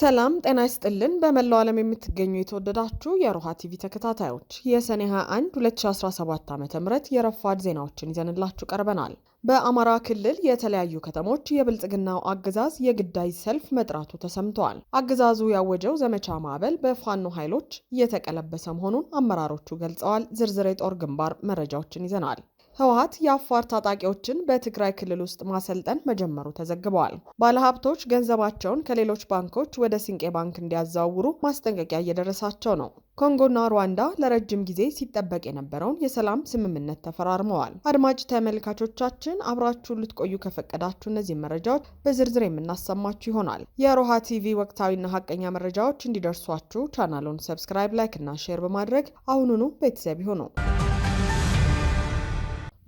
ሰላም ጤና ይስጥልን። በመላው ዓለም የምትገኙ የተወደዳችሁ የሮሃ ቲቪ ተከታታዮች የሰኔ 21 2017 ዓ ም የረፋድ ዜናዎችን ይዘንላችሁ ቀርበናል። በአማራ ክልል የተለያዩ ከተሞች የብልጽግናው አገዛዝ የግዳይ ሰልፍ መጥራቱ ተሰምተዋል። አገዛዙ ያወጀው ዘመቻ ማዕበል በፋኖ ኃይሎች እየተቀለበሰ መሆኑን አመራሮቹ ገልጸዋል። ዝርዝር የጦር ግንባር መረጃዎችን ይዘናል። ህወሀት የአፋር ታጣቂዎችን በትግራይ ክልል ውስጥ ማሰልጠን መጀመሩ ተዘግበዋል። ባለሀብቶች ገንዘባቸውን ከሌሎች ባንኮች ወደ ስንቄ ባንክ እንዲያዘዋውሩ ማስጠንቀቂያ እየደረሳቸው ነው። ኮንጎና ሩዋንዳ ለረጅም ጊዜ ሲጠበቅ የነበረውን የሰላም ስምምነት ተፈራርመዋል። አድማጭ ተመልካቾቻችን አብራችሁን ልትቆዩ ከፈቀዳችሁ እነዚህ መረጃዎች በዝርዝር የምናሰማችሁ ይሆናል። የሮሃ ቲቪ ወቅታዊና ሀቀኛ መረጃዎች እንዲደርሷችሁ ቻናሉን ሰብስክራይብ፣ ላይክ እና ሼር በማድረግ አሁኑኑ ቤተሰብ ይሁኑ።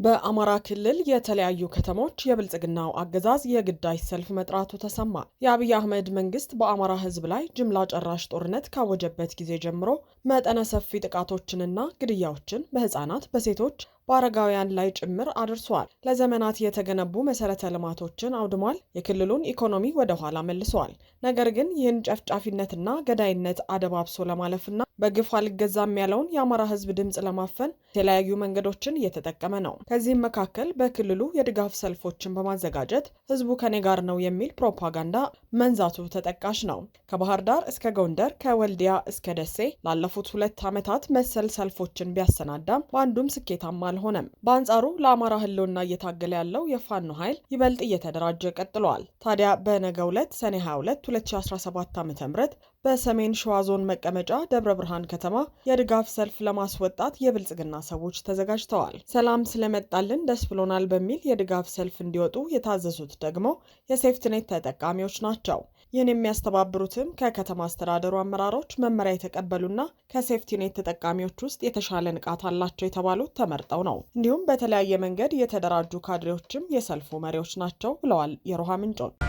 በአማራ ክልል የተለያዩ ከተሞች የብልጽግናው አገዛዝ የግዳጅ ሰልፍ መጥራቱ ተሰማ። የአብይ አህመድ መንግስት በአማራ ሕዝብ ላይ ጅምላ ጨራሽ ጦርነት ካወጀበት ጊዜ ጀምሮ መጠነ ሰፊ ጥቃቶችንና ግድያዎችን በህፃናት፣ በሴቶች በአረጋውያን ላይ ጭምር አድርሷል። ለዘመናት የተገነቡ መሰረተ ልማቶችን አውድሟል። የክልሉን ኢኮኖሚ ወደ ኋላ መልሷል። ነገር ግን ይህን ጨፍጫፊነትና ገዳይነት አደባብሶ ለማለፍና በግፍ አልገዛም ያለውን የአማራ ሕዝብ ድምፅ ለማፈን የተለያዩ መንገዶችን እየተጠቀመ ነው። ከዚህም መካከል በክልሉ የድጋፍ ሰልፎችን በማዘጋጀት ሕዝቡ ከኔ ጋር ነው የሚል ፕሮፓጋንዳ መንዛቱ ተጠቃሽ ነው። ከባህር ዳር እስከ ጎንደር፣ ከወልዲያ እስከ ደሴ ላለፉት ሁለት ዓመታት መሰል ሰልፎችን ቢያሰናዳም በአንዱም ስኬታማ አልሆነም። በአንጻሩ ለአማራ ህልውና እየታገለ ያለው የፋኖ ኃይል ይበልጥ እየተደራጀ ቀጥሏል። ታዲያ በነገ ዕለት ሰኔ 22 2017 ዓ ም በሰሜን ሸዋ ዞን መቀመጫ ደብረ ብርሃን ከተማ የድጋፍ ሰልፍ ለማስወጣት የብልጽግና ሰዎች ተዘጋጅተዋል። ሰላም ስለመጣልን ደስ ብሎናል በሚል የድጋፍ ሰልፍ እንዲወጡ የታዘዙት ደግሞ የሴፍትኔት ተጠቃሚዎች ናቸው። ይህን የሚያስተባብሩትም ከከተማ አስተዳደሩ አመራሮች መመሪያ የተቀበሉና ከሴፍቲኔት ተጠቃሚዎች ውስጥ የተሻለ ንቃት አላቸው የተባሉት ተመርጠው ነው። እንዲሁም በተለያየ መንገድ የተደራጁ ካድሬዎችም የሰልፉ መሪዎች ናቸው ብለዋል የሮሃ ምንጮች።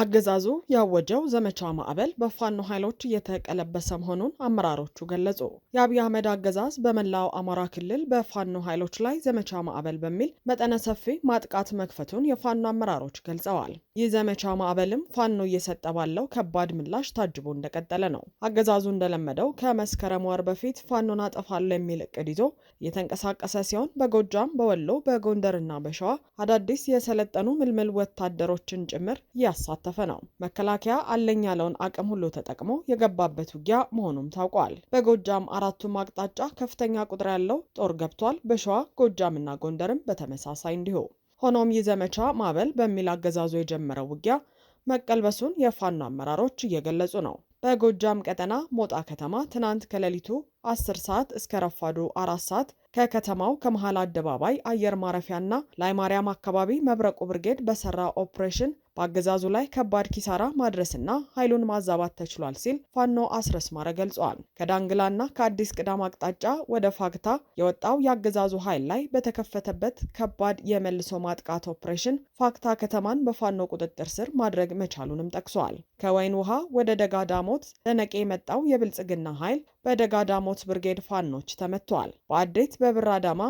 አገዛዙ ያወጀው ዘመቻ ማዕበል በፋኖ ኃይሎች እየተቀለበሰ መሆኑን አመራሮቹ ገለጹ። የአብይ አህመድ አገዛዝ በመላው አማራ ክልል በፋኖ ኃይሎች ላይ ዘመቻ ማዕበል በሚል መጠነ ሰፊ ማጥቃት መክፈቱን የፋኖ አመራሮች ገልጸዋል። ይህ ዘመቻ ማዕበልም ፋኖ እየሰጠ ባለው ከባድ ምላሽ ታጅቦ እንደቀጠለ ነው። አገዛዙ እንደለመደው ከመስከረም ወር በፊት ፋኖን አጠፋለሁ የሚል እቅድ ይዞ እየተንቀሳቀሰ ሲሆን በጎጃም፣ በወሎ፣ በጎንደርና በሸዋ አዳዲስ የሰለጠኑ ምልምል ወታደሮችን ጭምር እያሳተ እየተሳተፈ ነው። መከላከያ አለኝ ያለውን አቅም ሁሉ ተጠቅሞ የገባበት ውጊያ መሆኑም ታውቋል። በጎጃም አራቱም አቅጣጫ ከፍተኛ ቁጥር ያለው ጦር ገብቷል። በሸዋ ጎጃምና ጎንደርም በተመሳሳይ እንዲሁ። ሆኖም ይህ ዘመቻ ማዕበል በሚል አገዛዙ የጀመረው ውጊያ መቀልበሱን የፋኖ አመራሮች እየገለጹ ነው። በጎጃም ቀጠና ሞጣ ከተማ ትናንት ከሌሊቱ 10 ሰዓት እስከ ረፋዱ 4 ሰዓት ከከተማው ከመሃል አደባባይ አየር ማረፊያና ላይ ማርያም አካባቢ መብረቁ ብርጌድ በሰራ ኦፕሬሽን በአገዛዙ ላይ ከባድ ኪሳራ ማድረስና ኃይሉን ማዛባት ተችሏል ሲል ፋኖ አስረስማረ ገልጿል። ከዳንግላና ከአዲስ ቅዳም አቅጣጫ ወደ ፋግታ የወጣው የአገዛዙ ኃይል ላይ በተከፈተበት ከባድ የመልሶ ማጥቃት ኦፕሬሽን ፋግታ ከተማን በፋኖ ቁጥጥር ስር ማድረግ መቻሉንም ጠቅሷል። ከወይን ውሃ ወደ ደጋ ዳሞት ደነቄ የመጣው የብልጽግና ኃይል በደጋ ዳሞት ብርጌድ ፋኖች ተመቷል። በአዴት በብር አዳማ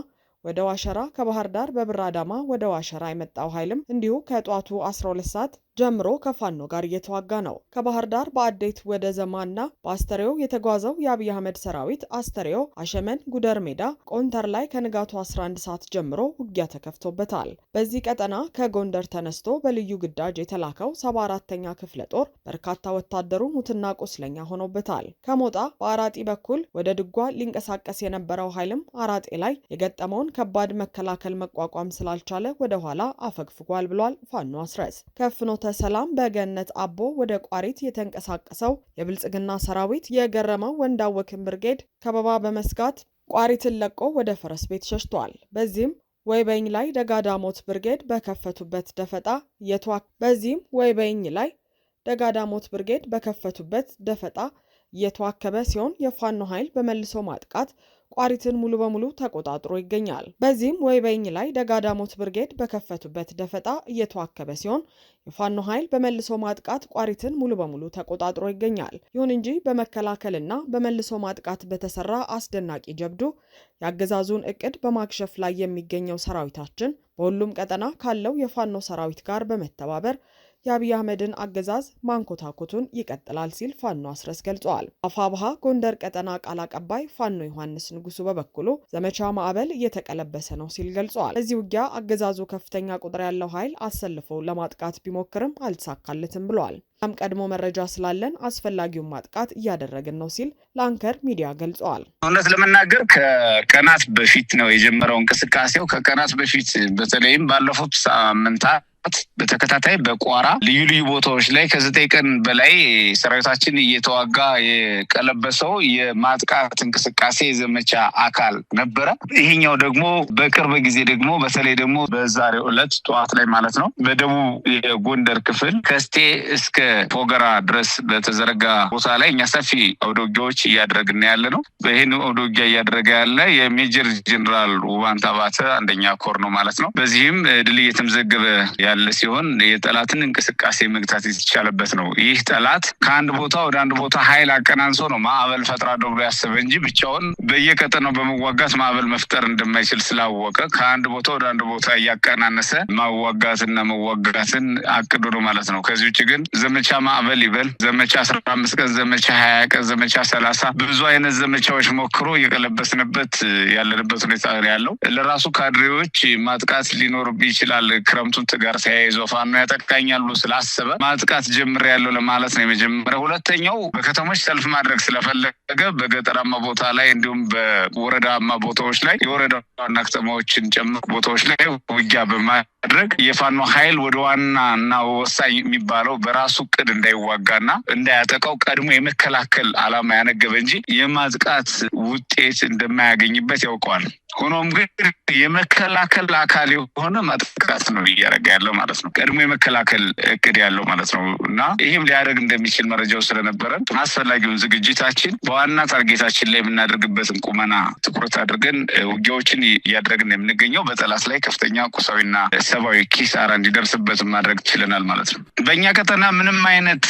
ወደ ዋሸራ ከባህር ዳር በብር አዳማ ወደ ዋሸራ የመጣው ኃይልም እንዲሁ ከጧቱ 12 ሰዓት ጀምሮ ከፋኖ ጋር እየተዋጋ ነው። ከባህር ዳር በአዴት ወደ ዘማና በአስተሬው የተጓዘው የአብይ አህመድ ሰራዊት አስተሬው፣ አሸመን፣ ጉደር ሜዳ፣ ቆንተር ላይ ከንጋቱ 11 ሰዓት ጀምሮ ውጊያ ተከፍቶበታል። በዚህ ቀጠና ከጎንደር ተነስቶ በልዩ ግዳጅ የተላከው 74ተኛ ክፍለ ጦር በርካታ ወታደሩ ሙትና ቁስለኛ ሆኖበታል። ከሞጣ በአራጢ በኩል ወደ ድጓ ሊንቀሳቀስ የነበረው ኃይልም አራጤ ላይ የገጠመውን ከባድ መከላከል መቋቋም ስላልቻለ ወደኋላ አፈግፍጓል ብሏል ፋኖ አስረስ ከፍኖተ ሰላም በገነት አቦ ወደ ቋሪት የተንቀሳቀሰው የብልጽግና ሰራዊት የገረመው ወንዳወክን ብርጌድ ከበባ በመስጋት ቋሪትን ለቆ ወደ ፈረስ ቤት ሸሽቷል። በዚህም ወይበኝ ላይ ደጋዳሞት ብርጌድ በከፈቱበት ደፈጣ የተዋክ በዚህም ወይበኝ ላይ ደጋዳሞት ብርጌድ በከፈቱበት ደፈጣ እየተዋከበ ሲሆን የፋኖ ኃይል በመልሶ ማጥቃት ቋሪትን ሙሉ በሙሉ ተቆጣጥሮ ይገኛል። በዚህም ወይበኝ ላይ ደጋዳሞት ብርጌድ በከፈቱበት ደፈጣ እየተዋከበ ሲሆን የፋኖ ኃይል በመልሶ ማጥቃት ቋሪትን ሙሉ በሙሉ ተቆጣጥሮ ይገኛል። ይሁን እንጂ በመከላከልና በመልሶ ማጥቃት በተሰራ አስደናቂ ጀብዱ የአገዛዙን እቅድ በማክሸፍ ላይ የሚገኘው ሰራዊታችን በሁሉም ቀጠና ካለው የፋኖ ሰራዊት ጋር በመተባበር የአብይ አህመድን አገዛዝ ማንኮታኮቱን ይቀጥላል ሲል ፋኖ አስረስ ገልጸዋል። አፋብሃ ጎንደር ቀጠና ቃል አቀባይ ፋኖ ዮሐንስ ንጉሱ በበኩሉ ዘመቻ ማዕበል እየተቀለበሰ ነው ሲል ገልጸዋል። በዚህ ውጊያ አገዛዙ ከፍተኛ ቁጥር ያለው ኃይል አሰልፎ ለማጥቃት ቢሞክርም አልተሳካለትም ብሏል። ም ቀድሞ መረጃ ስላለን አስፈላጊውን ማጥቃት እያደረግን ነው ሲል ለአንከር ሚዲያ ገልጸዋል። እውነት ለመናገር ከቀናት በፊት ነው የጀመረው እንቅስቃሴው። ከቀናት በፊት በተለይም ባለፉት ሳምንታት በተከታታይ በቋራ ልዩ ልዩ ቦታዎች ላይ ከዘጠኝ ቀን በላይ ሰራዊታችን እየተዋጋ የቀለበሰው የማጥቃት እንቅስቃሴ ዘመቻ አካል ነበረ። ይሄኛው ደግሞ በቅርብ ጊዜ ደግሞ በተለይ ደግሞ በዛሬው ዕለት ጠዋት ላይ ማለት ነው በደቡብ የጎንደር ክፍል ከስቴ እስከ ፎገራ ድረስ በተዘረጋ ቦታ ላይ እኛ ሰፊ አውደ እያደረግን ያለ ነው። ይህን አውደ እያደረገ ያለ የሜጀር ጀኔራል ውባንታ ባተ አንደኛ ኮር ነው ማለት ነው። በዚህም ድል እየተመዘገበ ያለ ሲሆን የጠላትን እንቅስቃሴ መግታት የተቻለበት ነው። ይህ ጠላት ከአንድ ቦታ ወደ አንድ ቦታ ኃይል አቀናንሶ ነው ማዕበል ፈጥራ ደብሎ ያሰበ እንጂ ብቻውን በየቀጠናው በመዋጋት ማዕበል መፍጠር እንደማይችል ስላወቀ ከአንድ ቦታ ወደ አንድ ቦታ እያቀናነሰ ማዋጋትና መዋጋትን አቅዶ ነው ማለት ነው። ከዚህ ውጭ ግን ዘመ ዘመቻ ማዕበል ይበል፣ ዘመቻ አስራ አምስት ቀን፣ ዘመቻ ሀያ ቀን፣ ዘመቻ ሰላሳ ብዙ አይነት ዘመቻዎች ሞክሮ እየቀለበስንበት ያለንበት ሁኔታ ያለው ለራሱ ካድሬዎች ማጥቃት ሊኖርብ ይችላል። ክረምቱን ጋር ተያይዞ ፋኖ ያጠቃኛሉ ስላሰበ ማጥቃት ጀምር ያለው ለማለት ነው የመጀመሪያ። ሁለተኛው በከተሞች ሰልፍ ማድረግ ስለፈለገ በገጠራማ ቦታ ላይ እንዲሁም በወረዳማ ቦታዎች ላይ የወረዳ ከተማዎችን ጨምር ቦታዎች ላይ ውጊያ በማድረግ የፋኖ ኃይል ወደ ዋና እና ወሳኝ የሚባለው በራሱ እቅድ እንዳይዋጋና እንዳያጠቃው ቀድሞ የመከላከል አላማ ያነገበ እንጂ የማጥቃት ውጤት እንደማያገኝበት ያውቀዋል። ሆኖም ግን የመከላከል አካል የሆነ ማጥቃት ነው እያደረገ ያለው ማለት ነው። ቀድሞ የመከላከል እቅድ ያለው ማለት ነው እና ይህም ሊያደርግ እንደሚችል መረጃው ስለነበረን አስፈላጊውን ዝግጅታችን በዋና ታርጌታችን ላይ የምናደርግበትን ቁመና ትኩረት አድርገን ውጊያዎችን እያደረግን የምንገኘው በጠላት ላይ ከፍተኛ ቁሳዊና ሰብአዊ ኪሳራ እንዲደርስበት ማድረግ ችለናል ማለት ነው። በእኛ ቀጠና ምንም ምንም አይነት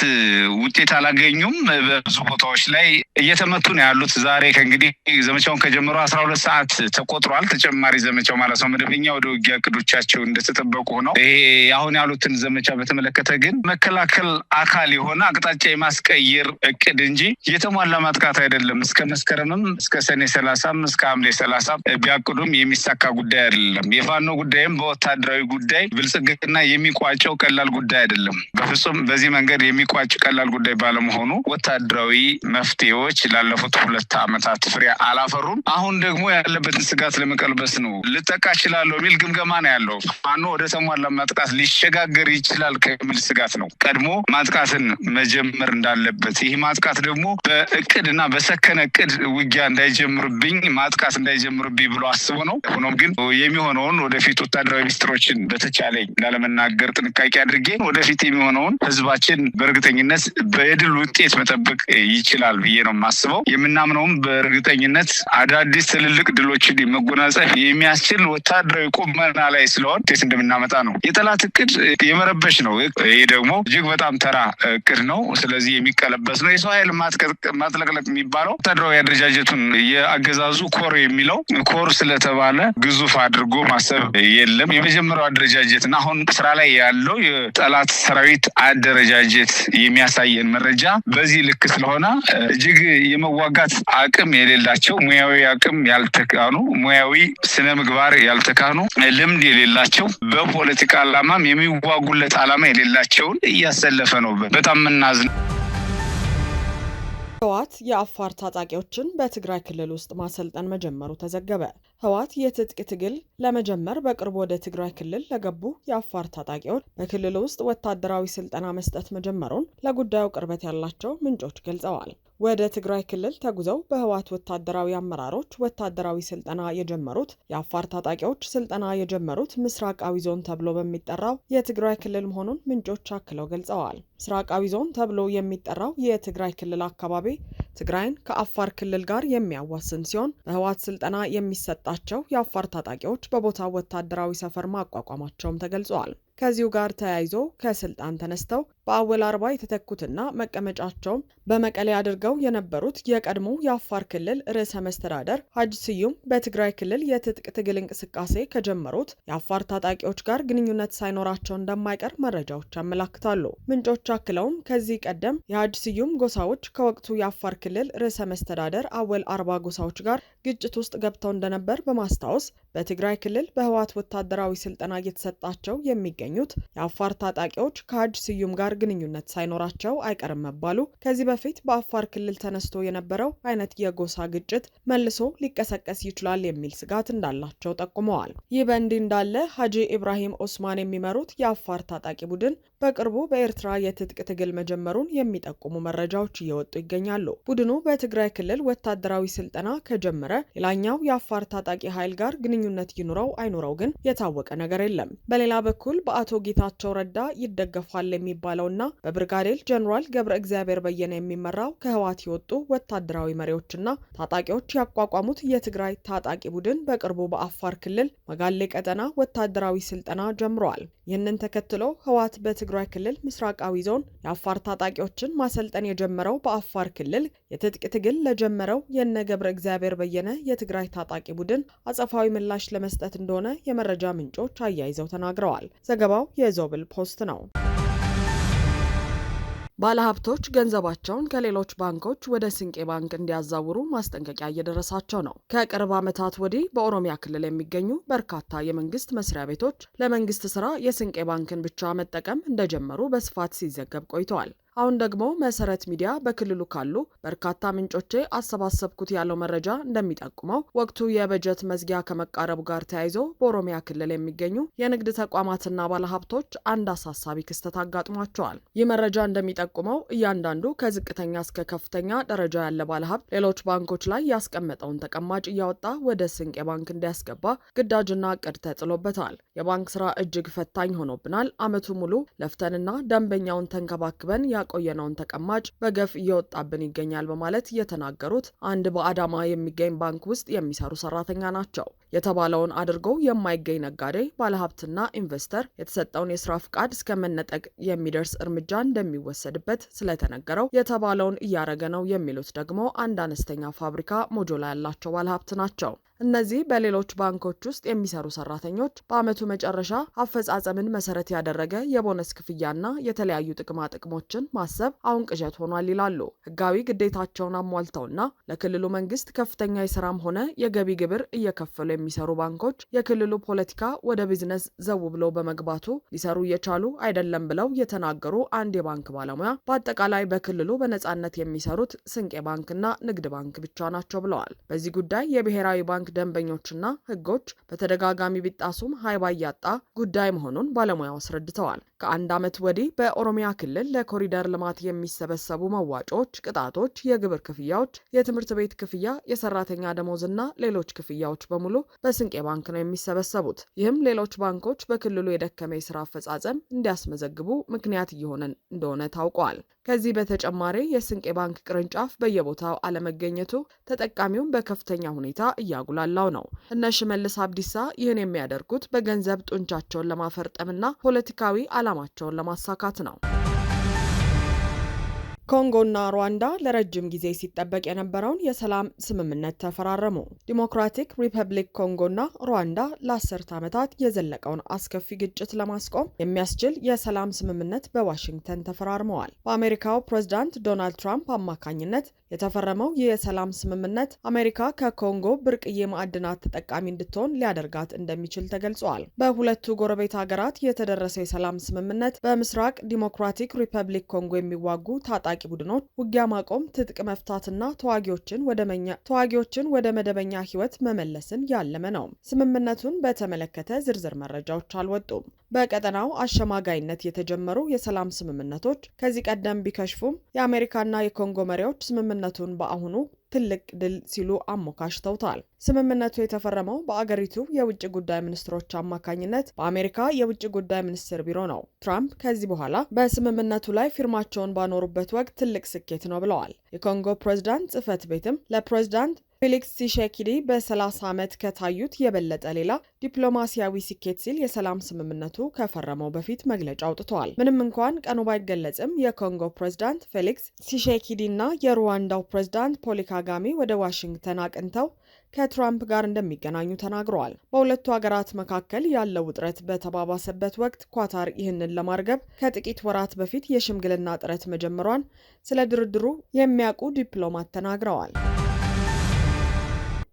ውጤት አላገኙም። በብዙ ቦታዎች ላይ እየተመቱ ነው ያሉት። ዛሬ ከእንግዲህ ዘመቻውን ከጀምሮ አስራ ሁለት ሰዓት ተቆጥሯል። ተጨማሪ ዘመቻው ማለት ነው። መደበኛ ወደ ውጊያ እቅዶቻቸው እንደተጠበቁ ነው። ይሄ አሁን ያሉትን ዘመቻ በተመለከተ ግን መከላከል አካል የሆነ አቅጣጫ የማስቀየር እቅድ እንጂ የተሟላ ማጥቃት አይደለም። እስከ መስከረምም እስከ ሰኔ ሰላሳም እስከ ሐምሌ ሰላሳም ቢያቅዱም የሚሳካ ጉዳይ አይደለም። የፋኖ ጉዳይም በወታደራዊ ጉዳይ ብልጽግና የሚቋጨው ቀላል ጉዳይ አይደለም በፍጹም በዚህ መንገድ የሚቋጭ ቀላል ጉዳይ ባለመሆኑ ወታደራዊ መፍትሄዎች ላለፉት ሁለት ዓመታት ፍሬ አላፈሩም። አሁን ደግሞ ያለበትን ስጋት ለመቀልበስ ነው። ልጠቃ እችላለሁ የሚል ግምገማ ነው ያለው። ፋኖ ወደ ተሟላ ማጥቃት ሊሸጋገር ይችላል ከሚል ስጋት ነው ቀድሞ ማጥቃትን መጀመር እንዳለበት። ይህ ማጥቃት ደግሞ በእቅድ እና በሰከነ እቅድ ውጊያ እንዳይጀምርብኝ ማጥቃት እንዳይጀምርብኝ ብሎ አስቦ ነው። ሆኖም ግን የሚሆነውን ወደፊት ወታደራዊ ሚስጥሮችን በተቻለኝ እንዳለመናገር ጥንቃቄ አድርጌ ወደፊት የሚሆነውን ህዝባችን ሀገራችን በእርግጠኝነት በድል ውጤት መጠበቅ ይችላል ብዬ ነው የማስበው። የምናምነውም በእርግጠኝነት አዳዲስ ትልልቅ ድሎችን መጎናጸፍ የሚያስችል ወታደራዊ ቁመና ላይ ስለሆን ውጤት እንደምናመጣ ነው። የጠላት እቅድ የመረበሽ ነው። ይህ ደግሞ እጅግ በጣም ተራ እቅድ ነው። ስለዚህ የሚቀለበስ ነው። የሰው ኃይል ማጥለቅለቅ የሚባለው ወታደራዊ አደረጃጀቱን የአገዛዙ ኮር የሚለው ኮር ስለተባለ ግዙፍ አድርጎ ማሰብ የለም። የመጀመሪያው አደረጃጀትና አሁን ስራ ላይ ያለው የጠላት ሰራዊት አደረጃ አደረጃጀት የሚያሳየን መረጃ በዚህ ልክ ስለሆነ እጅግ የመዋጋት አቅም የሌላቸው ሙያዊ አቅም ያልተካኑ ሙያዊ ስነ ምግባር ያልተካኑ ልምድ የሌላቸው በፖለቲካ አላማም የሚዋጉለት አላማ የሌላቸውን እያሰለፈ ነው። በጣም የምናዝነው ህወሓት የአፋር ታጣቂዎችን በትግራይ ክልል ውስጥ ማሰልጠን መጀመሩ ተዘገበ። ህወሓት የትጥቅ ትግል ለመጀመር በቅርቡ ወደ ትግራይ ክልል ለገቡ የአፋር ታጣቂዎች በክልሉ ውስጥ ወታደራዊ ስልጠና መስጠት መጀመሩን ለጉዳዩ ቅርበት ያላቸው ምንጮች ገልጸዋል። ወደ ትግራይ ክልል ተጉዘው በህወሓት ወታደራዊ አመራሮች ወታደራዊ ስልጠና የጀመሩት የአፋር ታጣቂዎች ስልጠና የጀመሩት ምስራቃዊ ዞን ተብሎ በሚጠራው የትግራይ ክልል መሆኑን ምንጮች አክለው ገልጸዋል። ምስራቃዊ ዞን ተብሎ የሚጠራው የትግራይ ክልል አካባቢ ትግራይን ከአፋር ክልል ጋር የሚያዋስን ሲሆን በህወሓት ስልጠና የሚሰጣቸው የአፋር ታጣቂዎች በቦታው ወታደራዊ ሰፈር ማቋቋማቸውም ተገልጿል። ከዚሁ ጋር ተያይዞ ከስልጣን ተነስተው በአወል አርባ የተተኩትና መቀመጫቸውም በመቀሌ አድርገው የነበሩት የቀድሞ የአፋር ክልል ርዕሰ መስተዳደር ሀጅ ስዩም በትግራይ ክልል የትጥቅ ትግል እንቅስቃሴ ከጀመሩት የአፋር ታጣቂዎች ጋር ግንኙነት ሳይኖራቸው እንደማይቀር መረጃዎች ያመላክታሉ። ምንጮች አክለውም ከዚህ ቀደም የሀጅ ስዩም ጎሳዎች ከወቅቱ የአፋር ክልል ርዕሰ መስተዳደር አወል አርባ ጎሳዎች ጋር ግጭት ውስጥ ገብተው እንደነበር በማስታወስ በትግራይ ክልል በህወሓት ወታደራዊ ስልጠና እየተሰጣቸው የሚገኙት የአፋር ታጣቂዎች ከሀጅ ስዩም ጋር ግንኙነት ሳይኖራቸው አይቀርም መባሉ ከዚህ በፊት በአፋር ክልል ተነስቶ የነበረው አይነት የጎሳ ግጭት መልሶ ሊቀሰቀስ ይችላል የሚል ስጋት እንዳላቸው ጠቁመዋል። ይህ በእንዲህ እንዳለ ሀጂ ኢብራሂም ኦስማን የሚመሩት የአፋር ታጣቂ ቡድን በቅርቡ በኤርትራ የትጥቅ ትግል መጀመሩን የሚጠቁሙ መረጃዎች እየወጡ ይገኛሉ። ቡድኑ በትግራይ ክልል ወታደራዊ ስልጠና ከጀመረ ሌላኛው የአፋር ታጣቂ ኃይል ጋር ግንኙነት ይኑረው አይኑረው ግን የታወቀ ነገር የለም። በሌላ በኩል በአቶ ጌታቸው ረዳ ይደገፋል የሚባለው ና በብርጋዴር ጀኔራል ገብረ እግዚአብሔር በየነ የሚመራው ከህወሓት የወጡ ወታደራዊ መሪዎችና ታጣቂዎች ያቋቋሙት የትግራይ ታጣቂ ቡድን በቅርቡ በአፋር ክልል መጋሌ ቀጠና ወታደራዊ ስልጠና ጀምረዋል። ይህንን ተከትሎ ህወሓት በትግራይ ክልል ምስራቃዊ ዞን የአፋር ታጣቂዎችን ማሰልጠን የጀመረው በአፋር ክልል የትጥቅ ትግል ለጀመረው የነ ገብረ እግዚአብሔር በየነ የትግራይ ታጣቂ ቡድን አጸፋዊ ምላሽ ለመስጠት እንደሆነ የመረጃ ምንጮች አያይዘው ተናግረዋል። ዘገባው የዞብል ፖስት ነው። ባለሀብቶች ገንዘባቸውን ከሌሎች ባንኮች ወደ ስንቄ ባንክ እንዲያዛውሩ ማስጠንቀቂያ እየደረሳቸው ነው። ከቅርብ ዓመታት ወዲህ በኦሮሚያ ክልል የሚገኙ በርካታ የመንግስት መስሪያ ቤቶች ለመንግስት ስራ የስንቄ ባንክን ብቻ መጠቀም እንደጀመሩ በስፋት ሲዘገብ ቆይተዋል። አሁን ደግሞ መሰረት ሚዲያ በክልሉ ካሉ በርካታ ምንጮቼ አሰባሰብኩት ያለው መረጃ እንደሚጠቁመው ወቅቱ የበጀት መዝጊያ ከመቃረቡ ጋር ተያይዞ በኦሮሚያ ክልል የሚገኙ የንግድ ተቋማትና ባለሀብቶች አንድ አሳሳቢ ክስተት አጋጥሟቸዋል። ይህ መረጃ እንደሚጠቁመው እያንዳንዱ ከዝቅተኛ እስከ ከፍተኛ ደረጃ ያለ ባለሀብት ሌሎች ባንኮች ላይ ያስቀመጠውን ተቀማጭ እያወጣ ወደ ስንቄ ባንክ እንዲያስገባ ግዳጅና እቅድ ተጥሎበታል። የባንክ ስራ እጅግ ፈታኝ ሆኖብናል። አመቱ ሙሉ ለፍተንና ደንበኛውን ተንከባክበን ያ ያቆየነውን ተቀማጭ በገፍ እየወጣብን ይገኛል በማለት የተናገሩት አንድ በአዳማ የሚገኝ ባንክ ውስጥ የሚሰሩ ሰራተኛ ናቸው። የተባለውን አድርገው የማይገኝ ነጋዴ፣ ባለሀብትና ኢንቨስተር የተሰጠውን የስራ ፍቃድ እስከ መነጠቅ የሚደርስ እርምጃ እንደሚወሰድበት ስለተነገረው የተባለውን እያረገ ነው የሚሉት ደግሞ አንድ አነስተኛ ፋብሪካ ሞጆላ ያላቸው ባለሀብት ናቸው። እነዚህ በሌሎች ባንኮች ውስጥ የሚሰሩ ሰራተኞች በአመቱ መጨረሻ አፈጻጸምን መሰረት ያደረገ የቦነስ ክፍያና የተለያዩ ጥቅማ ጥቅሞችን ማሰብ አሁን ቅዠት ሆኗል ይላሉ። ህጋዊ ግዴታቸውን አሟልተውና ለክልሉ መንግስት ከፍተኛ የስራም ሆነ የገቢ ግብር እየከፈሉ የሚሰሩ ባንኮች የክልሉ ፖለቲካ ወደ ቢዝነስ ዘው ብለው በመግባቱ ሊሰሩ እየቻሉ አይደለም ብለው የተናገሩ አንድ የባንክ ባለሙያ በአጠቃላይ በክልሉ በነጻነት የሚሰሩት ስንቄ ባንክና ንግድ ባንክ ብቻ ናቸው ብለዋል። በዚህ ጉዳይ የብሔራዊ ባንክ ባንክ ደንበኞችና ህጎች በተደጋጋሚ ቢጣሱም ሀይባ እያጣ ጉዳይ መሆኑን ባለሙያው አስረድተዋል። ከአንድ ዓመት ወዲህ በኦሮሚያ ክልል ለኮሪደር ልማት የሚሰበሰቡ መዋጮዎች፣ ቅጣቶች፣ የግብር ክፍያዎች፣ የትምህርት ቤት ክፍያ፣ የሰራተኛ ደሞዝ እና ሌሎች ክፍያዎች በሙሉ በስንቄ ባንክ ነው የሚሰበሰቡት። ይህም ሌሎች ባንኮች በክልሉ የደከመ የስራ አፈጻጸም እንዲያስመዘግቡ ምክንያት እየሆነን እንደሆነ ታውቋል። ከዚህ በተጨማሪ የስንቄ ባንክ ቅርንጫፍ በየቦታው አለመገኘቱ ተጠቃሚውን በከፍተኛ ሁኔታ እያጉላላው ነው። እነ ሽመልስ አብዲሳ ይህን የሚያደርጉት በገንዘብ ጡንቻቸውን ለማፈርጠምና ፖለቲካዊ ዓላማቸውን ለማሳካት ነው። ኮንጎና ሩዋንዳ ለረጅም ጊዜ ሲጠበቅ የነበረውን የሰላም ስምምነት ተፈራረሙ። ዲሞክራቲክ ሪፐብሊክ ኮንጎና ሩዋንዳ ለአስርት ዓመታት የዘለቀውን አስከፊ ግጭት ለማስቆም የሚያስችል የሰላም ስምምነት በዋሽንግተን ተፈራርመዋል። በአሜሪካው ፕሬዚዳንት ዶናልድ ትራምፕ አማካኝነት የተፈረመው ይህ የሰላም ስምምነት አሜሪካ ከኮንጎ ብርቅዬ ማዕድናት ተጠቃሚ እንድትሆን ሊያደርጋት እንደሚችል ተገልጿል። በሁለቱ ጎረቤት ሀገራት የተደረሰው የሰላም ስምምነት በምስራቅ ዲሞክራቲክ ሪፐብሊክ ኮንጎ የሚዋጉ ታጣቂ ቡድኖች ውጊያ ማቆም፣ ትጥቅ መፍታትና ተዋጊዎችን ወደ መደበኛ ህይወት መመለስን ያለመ ነው። ስምምነቱን በተመለከተ ዝርዝር መረጃዎች አልወጡም። በቀጠናው አሸማጋይነት የተጀመሩ የሰላም ስምምነቶች ከዚህ ቀደም ቢከሽፉም የአሜሪካና የኮንጎ መሪዎች ስምምነቱን በአሁኑ ትልቅ ድል ሲሉ አሞካሽተውታል። ስምምነቱ የተፈረመው በአገሪቱ የውጭ ጉዳይ ሚኒስትሮች አማካኝነት በአሜሪካ የውጭ ጉዳይ ሚኒስትር ቢሮ ነው። ትራምፕ ከዚህ በኋላ በስምምነቱ ላይ ፊርማቸውን ባኖሩበት ወቅት ትልቅ ስኬት ነው ብለዋል። የኮንጎ ፕሬዝዳንት ጽህፈት ቤትም ለፕሬዚዳንት ፌሊክስ ሺሴኪዲ በ30 ዓመት ከታዩት የበለጠ ሌላ ዲፕሎማሲያዊ ስኬት ሲል የሰላም ስምምነቱ ከፈረመው በፊት መግለጫ አውጥተዋል። ምንም እንኳን ቀኑ ባይገለጽም የኮንጎ ፕሬዝዳንት ፌሊክስ ሲሸኪዲ እና የሩዋንዳው ፕሬዝዳንት ፖል ካጋሜ ወደ ዋሽንግተን አቅንተው ከትራምፕ ጋር እንደሚገናኙ ተናግረዋል። በሁለቱ ሀገራት መካከል ያለው ውጥረት በተባባሰበት ወቅት ኳታር ይህንን ለማርገብ ከጥቂት ወራት በፊት የሽምግልና ጥረት መጀመሯን ስለ ድርድሩ የሚያውቁ ዲፕሎማት ተናግረዋል።